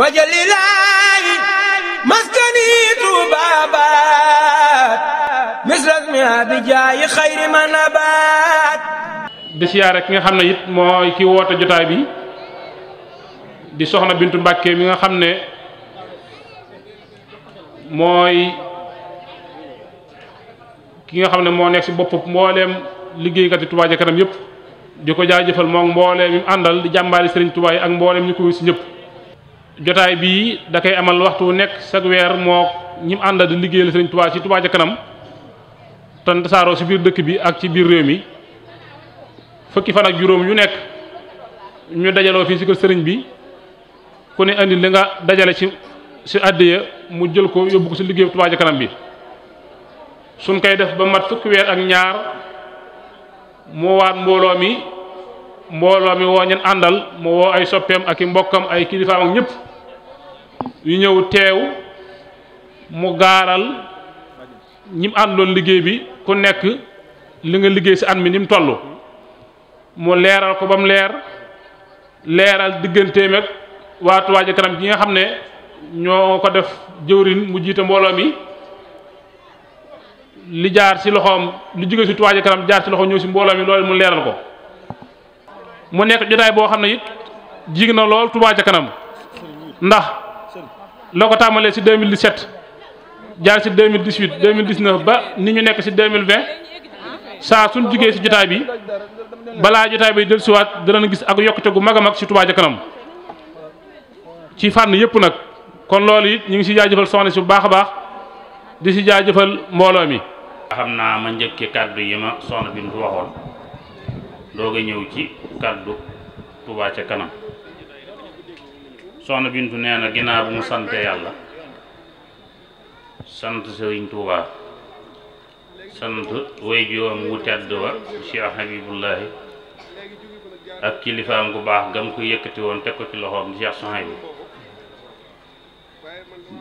wajalilaayi maskani tuubaabaat misrasmi abijaayi xayri ma nabaat di siyaare ki nga xam ne it mooy ki bi di soxna Bintu Mbàkke mi nga xam ne mooy ki xam ne moo nekk si bopp mbooleem liggéeykati Touba ca kanam yëpp di ko jaajëfal moom mbooleem mi àndal di jàmbaari Sëriñ Touba ak mbooleem ñu ko si ñëpp jotaay bii da koy amal waxtu nekk chaque weer moo ñim ànda di liggéeyal sëriñ Tuubaa ci Tuubaa ca kanam te tasaaroo ci biir dëkk bi ak ci biir réew mi fukki fan juróom yu nekk ñu dajaloo fii ci sëriñ bi ku ne andi li nga dajale ci ci àddiya mu jël ko yóbbu ko ci liggéey Tuubaa ca kanam bi suñ koy def ba mat fukki weer ak ñaar moo waat mbooloo mi mbooloo mi woo ñen àndal mu woo ay soppeem ak i mbokkam ay kilifaam ak ñëpp yu ñëw teew mu gaaral ñi mu àndoon liggéey bi ku nekk li nga liggéey si at mi ni mu toll mu leeral ko ba mu leer leeral digganteem ak waa Touba Kanam gi nga xam ne ñoo ko def jëwrin mu jiite mbooloo mi li jaar ci loxoom li jóge si Touba Ca Kanam jaar si loxoom ñëw si mbooloo mi loolu mu leeral ko mu nekk jotaay boo xam ne it jig na lool Touba ca kanam ndax loo ko tàmbalee si 2017 jaar si 2018 2019 ba ni ñu nekk si 2020 saa suñ jugee si jotaay bi balaa jotaay bi jël siwaat danañ gis ak yokkute gu mag a mag si Touba ca kanam ci fànn yëpp nag kon loolu it ñu ngi si jëfal soxna si bu baax a baax di si jaajëfal mbooloo mi. xam naa ma njëkki kàddu yi ma soxna bi mu waxoon. doog a ñëw ci kàddu Touba ca kanam soxna Bintu nee na ginnaaw bu mu sante yàlla sant Sëriñ Touba sant way joom wu tedd wa Cheikh Habibullahi ak kilifaam gu baax gam ko yëkkati woon teg ko ci loxoom di Cheikh Sohaïbou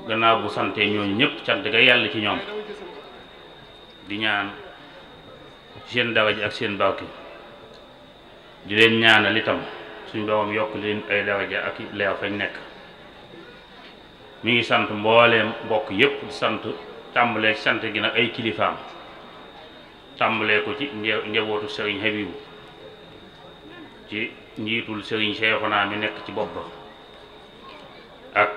gannaaw bu sante ñooñu ñëpp cant ga yàlla ci ñoom di ñaan seen dawa ak seen bawki di leen ñaanal itam suñ doomam yokk leen ay daraja ak leer fañ nekk mu ngi sant mbooleem mbokk yépp sant tàmbalee sant gi nag ay kilifaam tàmbalee ko ci njabootu sëriñ Habibu ci njiitul sëriñ Seexuna mi nekk ci bopp ba ak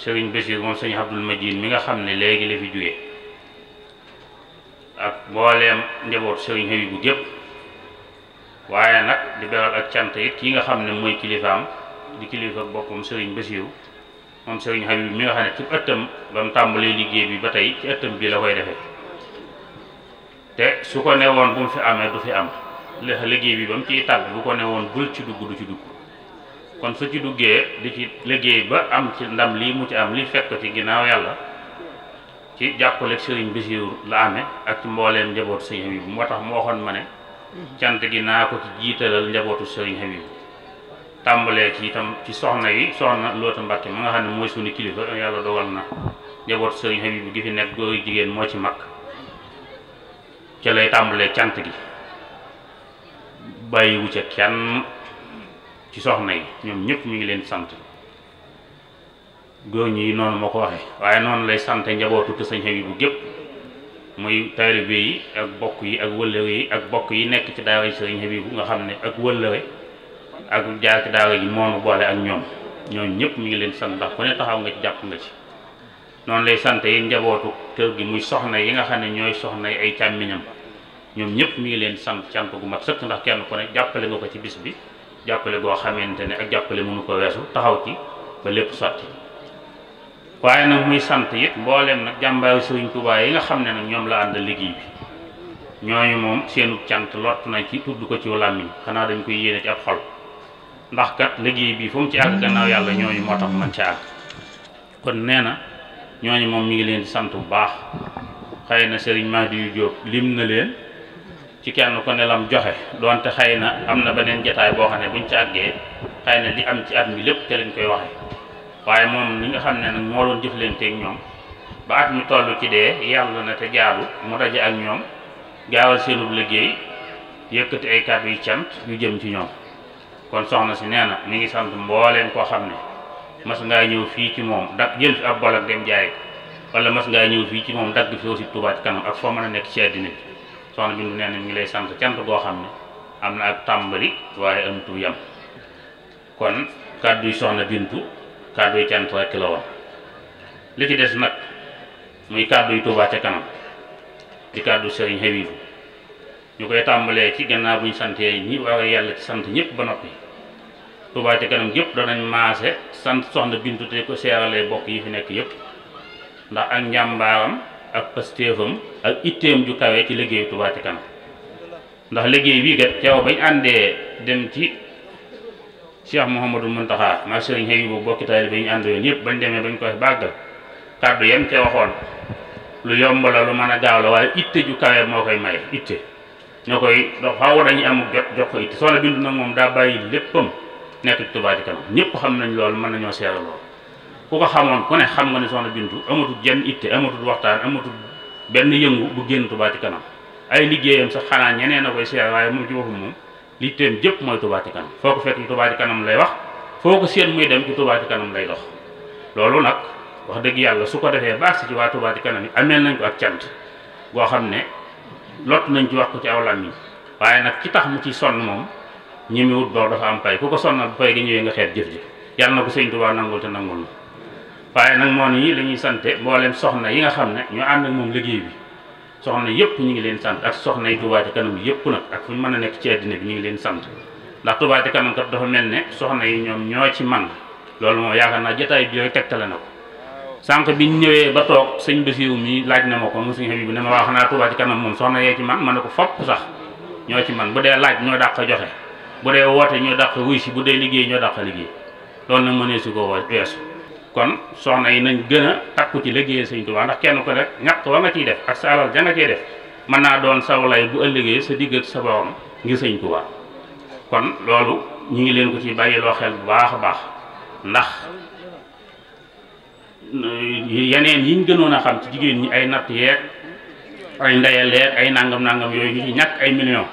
sëriñ Bésir moom sëriñ Abdul Majid mi nga xam ne léegi la fi jóge ak mbooleem njabootu sëriñ Habibu gépp waaye nag di beral ak cant it yi nga xam ne mooy kilifaam di kilifa boppam Serigne Bassirou moom Serigne Habib mi nga xam ne ci ëttam ba mu tàmbalee liggéey bi ba tey ci ëttam bi la koy defee te su ko newoon bu mu fi amee du fi am li liggéey bi ba mu ciy tàgg bu ko ci dugg du su ci duggee di ci liggéey ba am ci ndam lii mu li fekk ci ginnaaw yàlla ci jàppale Serigne Bassirou la amee ak ci mbooleem njaboot sëñ bi moo tax mu waxoon ma ne. cant gi naa ko ci jiitalal njabootu sëriñ Habib tàmbalee ci itam ci soxna yi soxna Loota Mbàkke ma nga xam ne mooy suñu kilifa yàlla dogal na njabootu sëriñ Habib gi fi nekk góor jigéen moo ci mag ca lay tàmbalee cant gi bàyyiwu ca kenn ci soxna yi ñoom ñëpp ñu ngi leen sant góor ñi noonu ma ko waxee waaye noonu lay sant njabootu sëriñ Habib gépp muy taalibe yi ak bokk yi ak wëllëwe yi ak bokk yi nekk ci daara sëriñ bu nga xam ne ak wëllëwe ak jaar ci daara ji moonu boole ak ñoom ñoom ñëpp mi ngi leen sant ndax ku taxaw nga ci jàpp nga ci noonu lay sant njabootu kër gi muy soxna yi nga xam ne ñooy soxna yi ay càmmiñam ñoom ñëpp mi ngi leen sant cant gu mat sëkk ndax kenn ku ne jàppale nga ko ci bis bi jàppale goo xamante ne ak jàppale mënu ko weesu taxaw ci ba lépp sotti waaye nag muy sant it mbooleen nag jàmbaayu Sëriñ Tuubaa yi nga xam ne nag ñoom la ànd liggéey bi ñooñu moom seenu cant lot na ci tudd ko ci làmmiñ xanaa dañ koy yéene ci ab xol bi fu mu yàlla ñooñu moo tax man ca àgg kon nee na ñooñu moom mi ngi leen di sant bu baax xëy na Serigne Mahdi yu Diop lim na ci kenn ko ne lam joxe donte xëy na am na beneen jataay boo xam ne buñ ci àggee xëy na li am ci at mi lépp te lañ koy waxe waaye moom mi nga xam ne nag moo doon jëflanteeg ñoom ba at mi toll ci dee yàlla na te jaadu mu daje ak ñoom gaawal seenub liggéey yëkkati ay kàddu yu cant yu jëm ci ñoom kon soxna si nee na mi ngi sant mbooleen koo xam ne mas ngaa ñëw fii ci moom dagg jël fi ab bol jaay wala mas ngaa ñëw fii ci moom dagg fi aussi Touba Kanam ak foo mën a nekk ci àddina bi soxna Bintu nee na ngi lay sant cant goo xam ne am na ak tàmbali waaye amtu yam kon kàddu soxna Bintu kàddu yi cant rekk li ci des nag muy kàddu yu Tuubaa ca kanam di kàddu sëriñ Habibu ñu koy tàmbalee ci gannaaw buñ ñu santee ñi war yàlla ci sant ñëpp ba noppi Tuubaa ca kanam yëpp danañ maase sant soxna Bintu te ko seeralee bokk yi fi nekk yëpp ndax ak njàmbaaram ak pastéefam ak itteem ju kawe ci liggéeyu Tuubaa ca kanam ndax liggéey bii kat teew bañ àndee dem ci Cheikh Mouhamadul Muntaxa maa sëriñ xëy bu bokki taalibe yi ñu ànd yoon yëpp bañ demee bañ koy bàggal kàddu yem ca waxoon lu yomb la lu mën a gaaw la waaye itte ju kawe moo koy maye itte ñoo koy dox xaw dañuy am jot jox ko itte soxna Bintu nag moom daa bàyyi léppam nekk ci Touba Ca Kanam ñëpp xam nañ loolu mën nañoo seere loolu ku ko xamoon ku ne xam nga ne soxna Bintu amatul jenn itte amatul waxtaan amatul benn yëngu bu génn Touba Ca Kanam ay a koy seere li téem jëpp mooy Touba Ca Kanam foo ko fekk ci Touba Kanam lay wax foo ko séen muy dem ci Touba Ca Kanam lay dox loolu nag wax dëgg yàlla su ko defee baax ci waa Touba Kanam yi amee nañ ko ak cant goo xam ne lott nañ ci wax ko ci aw yi waaye nag ci tax mu ci sonn moom ñi mi wut boor dafa am pay ku ko sonnal bu pay gi ñëwee nga xeet jëf ji yàlla na ko sëñ Touba nangul te nangul na waaye nag moom yi la ñuy sante mboolem soxna yi nga xam ne ñu ànd moom liggéey bi soxna yëpp ñu ngi leen sant ak soxna yi Touba Kanam yëpp nag ak fu ñu mën a nekk ci àddina bi ñu ngi leen sant ndax Touba Ca Kanam kat dafa mel ne soxna yi ñoom ñoo ci man loolu moom yaakaar naa jotaay bi yooyu tegtale na ko bi ñu ñëwee ba toog sëñ Basiiru mi laaj na ma ko mu sëñ Habibu ne ma wax naa Touba Ca Kanam moom soxna yee ci man ma ne ko fopp sax ñoo ci man bu dee laaj ñoo dàq joxe bu dee woote ñoo dàq wuy si bu dee liggéey ñoo dàq liggéey loolu nag mënee su ko weesu kon soxna yi nañ gën a takku ci liggéeyal sëñ Tuubaa ndax kenn ko rek ñàkk wa nga ciy def ak sa alal ja def mën naa doon sawlay bu ëllëgee sa digg ak sa borom ngir sëñ Tuubaa kon loolu ñu ngi leen ko ci loo xel bu baax a baax ndax yeneen yiñ gënoon a xam ci jigéen ñi ay natt yeeg ay ndeyal leeg ay nangam nangam yooyu ñu ci ñàkk ay million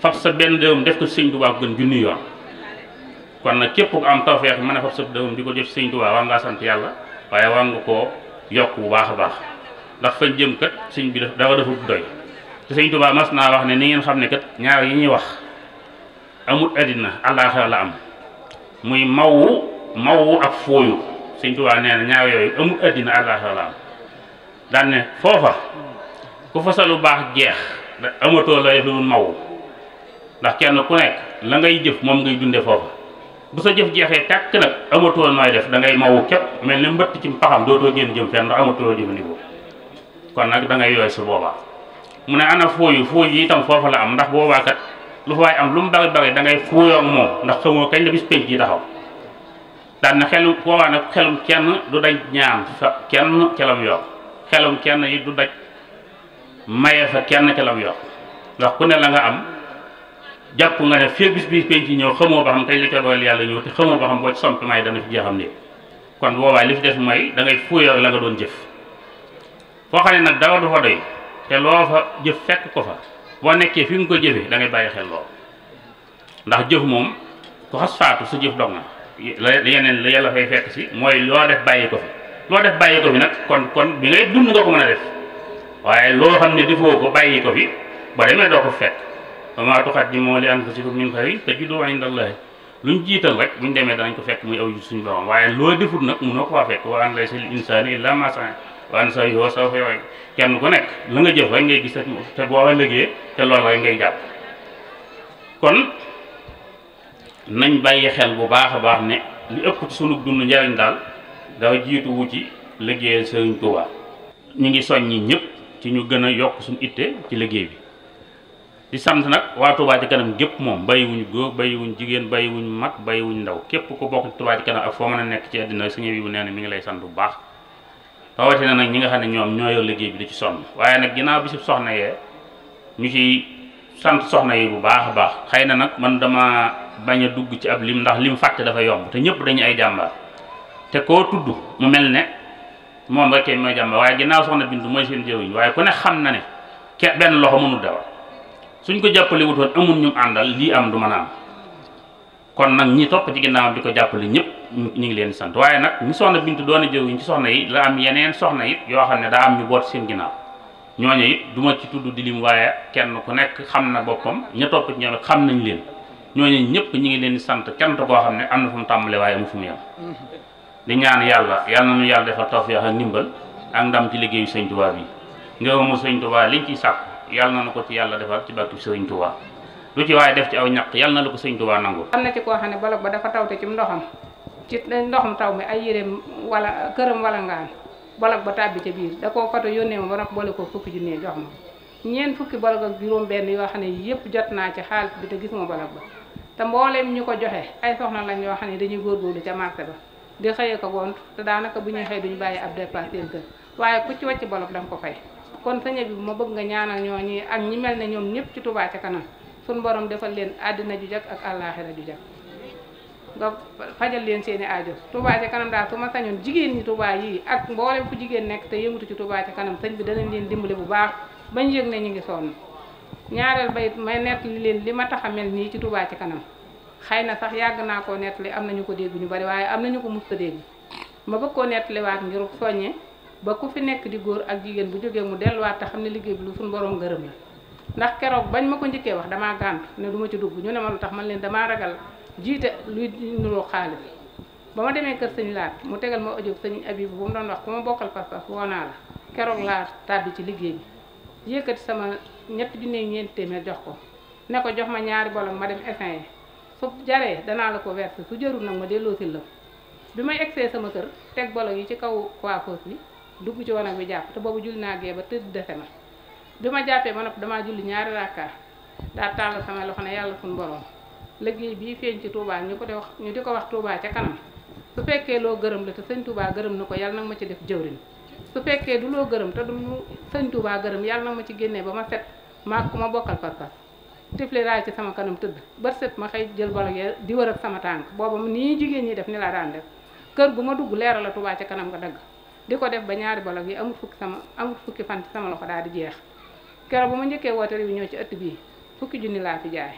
fab sa benn dërëm def ko sëñ Tuubaa gën junni yoon kon nag képp ku am tawfeex mën a fab sëb dëwum di ko jëf sëñ Tuubaa waa ngaa sant yàlla waaye waa nga koo yokk bu baax a baax ndax fañ jëm kat sëñ bi dafa dafa doy te sëñ Tuubaa mas naa wax ne ni ngeen xam ne kat ñaar yi ñuy wax amul àddina àllaaxira la am muy mawwu mawwu ak fooyu sëñ Tuubaa nee na ñaar yooyu amul àddina àllaaxira la am daan ne foofa ku fa sa lu baax jeex amatoo la def lu mawwu ndax kenn ku nekk la ngay jëf moom ngay dunde foofa bu sa jëf jeexee tàkk nag amatoon nooy def da ngay mawu képp mel ni mbëtt ci paxam dootoo génn jëm fenn ndax amatoo jëfandikoo kon nag da ngay yooy su boobaa mu ne ana fooyu fooyu yi tam foofu la am ndax boobaa kat lu fa am lu mu bari bari da ngay fooyoo moom ndax xamoo kañ la bis penc yi taxaw daan na xelu boobaa nag xelum kenn du daj ñaan sa kenn ca lam yor xelum kenn yi du daj maye fa kenn ca lam ndax ku ne la nga am jàpp nga ne fii bis bi penc ñëw xamoo ba xam kañ la ca doyal yàlla ñëw te xamoo ba xam boo ci sompi may dana fi jeexam ne kon boobaa li fi des mooy da ngay fuuyoo la nga doon jëf foo xam ne nag dara du fa doy te loo fa jëf fekk ko fa boo nekkee fi nga ko jëfee dangay bàyyi xel lool ndax jëf moom ku xas faatu sa jëf dog na la yeneen la yàlla fay fekk si mooy loo def bàyyi ko fi loo def bàyyi ko fi nag kon kon bi ngay dund nga ko mën a def ba demee doo ko fekk wa maa tuqaddimu li anfusikum min xayrin tajiduhu inda Allahi luñ jiital rek ñu demee danañ ko fekk muy aw suñu borom waaye loo defut nag mënoo ko faa fekk wa an laysa lil insaani illaa maa sa'a wa anna sa'yahu sawfa yura kenn ku nekk la nga jëf rek ngay gis te boo ëllëgee te lool rek ngay jàpp kon nañ bàyyi xel bu baax a baax ne li ëpp ci sunu dund njariñ daal dafa jiitu wu ci liggéeyal Sëriñ Tuubaa ñu ngi soññi ñëpp ci ñu gën a yokk suñu itte ci liggéey bi di sant nag waa Touba ci kanam gépp moom bàyyiwuñ góor bàyyiwuñ jigéen bàyyiwuñ mag bàyyiwuñ ndaw képp ku bokk Touba ci kanam ak foo mën a nekk ci àddina suñu bi bu nee na mi ngi lay sant bu baax rawatina nag ñi nga xam ne ñoom ñoo liggéey bi di ci sonn waaye nag ginnaaw bi si soxna yee ñu ci sant soxna yi bu baax a baax xëy na nag man dama bañ a dugg ci ab lim ndax lim fàtte dafa yomb te ñëpp dañu ay jàmbaar te koo tudd mu mel ne moom rek mooy jàmbaar waaye ginnaaw soxna Bintu mooy seen jëwiñ waaye ku ne xam na ne kenn benn loxo mënul dawal suñ ko jàppale wutoon amul ñu àndal lii am du ma a kon nag ñi topp ci ginnaawam di ko jàppale ñëpp ñu ngi leen sant waaye nag ñi soxna Bintu doon a jëw ci soxna yi la yeneen soxna yi yoo xam ne daa am ñu boot seen ginnaaw ñooñu du ma ci tudd di lim waaye kenn ku nekk xam na boppam ña topp ci ñoom xam nañ leen ñooñu ñëpp ñu ngi leen di sant cant koo xam ne am na fu mu tàmbalee waaye amu fu mu yem di ñaan yàlla yal na ñu yàlla defal tawfeex ak ndimbal ak ndam ci liggéeyu sëñ Tuubaa yi ngëwamu sëñ Tuubaa liñ yàlla na nu ko ci yàlla defal ci barke Sëriñ Touba lu ci waaye def ci aw ñaq yàlla na lu ko Sëriñ Touba nangu. am na ci koo xam ne bolog ba dafa taw tawte ci ndoxam ci ndoxam taw mi ay yéreem wala këram wala ngaan bolog ba tàbbi ca biir da koo foto yónnee ma ba nag boole ko fukki junni jox ma ñeent fukki bolog ak juróom-benn yoo xam ne yëpp jot naa ci xaalis bi te gisuma bolog ba te mbooleem ñu ko joxe ay soxna lañ yoo xam ne dañuy góorgóorlu ca marché ba di xëyee ko gont te daanaka bu ñuy xëy duñu bàyyi ab dépasse seen kër waaye ku ci wàcc bolog ko fay kon sëñ bi ma bëgg nga ñaanal ñooñi ak ñi mel na ñoom ñëpp ci Touba ca kanam suñ borom defal leen àddina ju jag ak àllaaxira ju jag nga fajal leen seeni aajo Touba ca kanam daal ma sañoon jigéen ñi Touba yii ak mboolem ku jigéen nekk te yëngutu ci Touba ca kanam sëñ bi danañ leen dimbale bu baax bañ yëg ne ñu ngi sonn ñaareel bayit may nett li leen li ma tax mel nii ci Touba ci kanam xëy na sax yàgg naa koo nettali am nañu ko dégg ñu bari waaye am nañu ko mus a dégg ma bëgg koo nettaliwaat ngir soññe ba ku fi nekk di góor ak jigéen bu jógee mu delluwaat te xam ne liggéey bi lu suñu borom ngërëm la ndax keroog bañ ma ko njëkkee wax damaa gàntu ne duma ci dugg ñu ne ma lu tax ma leen damaa ragal jiite luy nuroo xaalis ba ma demee kër sëñ laat mu tegal ma audio sëñ abi bu mu doon wax ku ma bokkal pas-pas woo naa la keroog laa bi ci liggéey bi yëkkati sama ñetti junne ñeenti téeméer jox ko ne ko jox ma ñaari bolok ma dem essin yi su jaree danaa la ko verser su jarul nag ma delloosil la bi may egsee sama kër teg bolok yi ci kaw coiffeuse bi dugg ci wanag bi jàpp te boobu julli naa gee ba tëdd defe na bi ma jàppee ba nopp damaa julli ñaari rakka daa tàll sama loxo ne yàlla suñu borom liggéey bii feeñ ci Touba ñu ko di wax ñu di ko wax Touba ca kanam su fekkee loo gërëm la te sëñ Touba gërëm na ko yàlla nag ma ci def jëwrin su fekkee du loo gërëm te du sëñ Touba gërëm yàlla nag ma ci génnee ba ma set maag ku ma bokkal pas-pas tifle raay ci sama kanam tëdd ba set ma xëy jël bolo ya di wër sama tànk booba nii jigéen ñi def ni laa daan def kër gu ma dugg leeral la ca kanam nga dagg di ko def ba ñaari bolog yi amul fukki sama amul fukki fan sama loxo daal di jeex keroog bu ma njëkkee woote réunion ci ëtt bii fukki junni laa fi jaay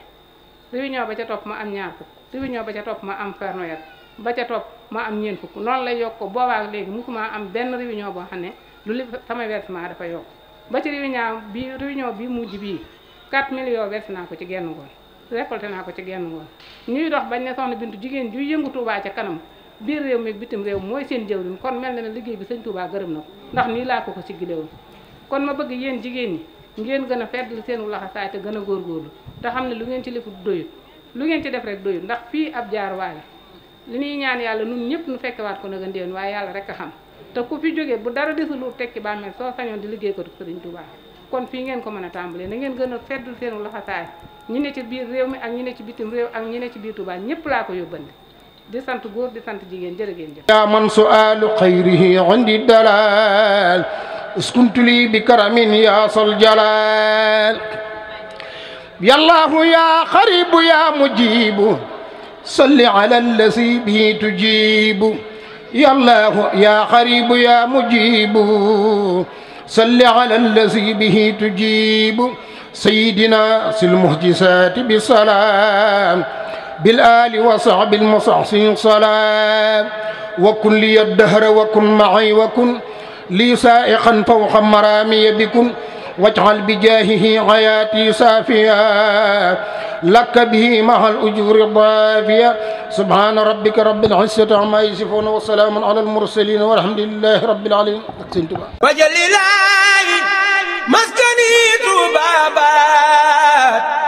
réunion ba ca topp ma am ñaar fukk réunion ba ca topp ma am fernoyet ba ca topp ma am ñeen fukk noonu lay yokk ko boobaak léegi musuma am benn réunion boo xam ne lu li sama versement dafa yokk ba ci réunion bi réunion bi mujj bii 4 million versé naa ko ci genn ngoon récolté naa ko ci genn ngoon ñuy dox bañ ne soxna Bintu jigéen ju yëngu Tuubaa ca kanam biir réew mi bitim réew mooy seen jëwriñ kon mel na liggéey bi sëñ Touba gërëm na ko ndax nii laa ko ko ci gilewoon kon ma bëgg yéen jigéen ñi ngeen gën a feddal seen laxasaay te gën a góorgóorlu te xam ne lu ngeen ci lifu doyut lu ngeen ci def rek doyut ndax fii ab jaar li ñuy ñaan yàlla nun ñëpp nu fekkewaat ko na gën déwén waaye yàlla rek a xam te ku fi jógee bu dara desul lu tekki bàmmeel soo sañoon di liggéey ko sëriñ kon fii ngeen ko mën a tàmbalee na gën a feddal seen laxasaay ñi ne ci biir réew mi ak ñi ne ci bitim ak ñi ci biir Touba ñëpp laa ko yóbbandi di sant góor di sant jigéen jërë ngeen jëf yaa man sualu xayrihi indi dalal uskuntuli bi karamin yaa sol jalal yallaahu yaa xaribu yaa mujibu salli ala allasi bi tujibu yallaahu yaa xaribu yaa mujibu salli ala allasi bihi tujibu sayidina silmuhjisaati bi salaam بالآل وصحب المصحسن صلاة وكن لي الدهر وكن معي وكن لي سائقا فوق مرامي بكن واجعل بجاهه حياتي سافيا لك به مع الأجور الضافية سبحان ربك رب العزة عما يصفون وسلام على المرسلين والحمد لله رب العالمين وجل الله مسكني بابات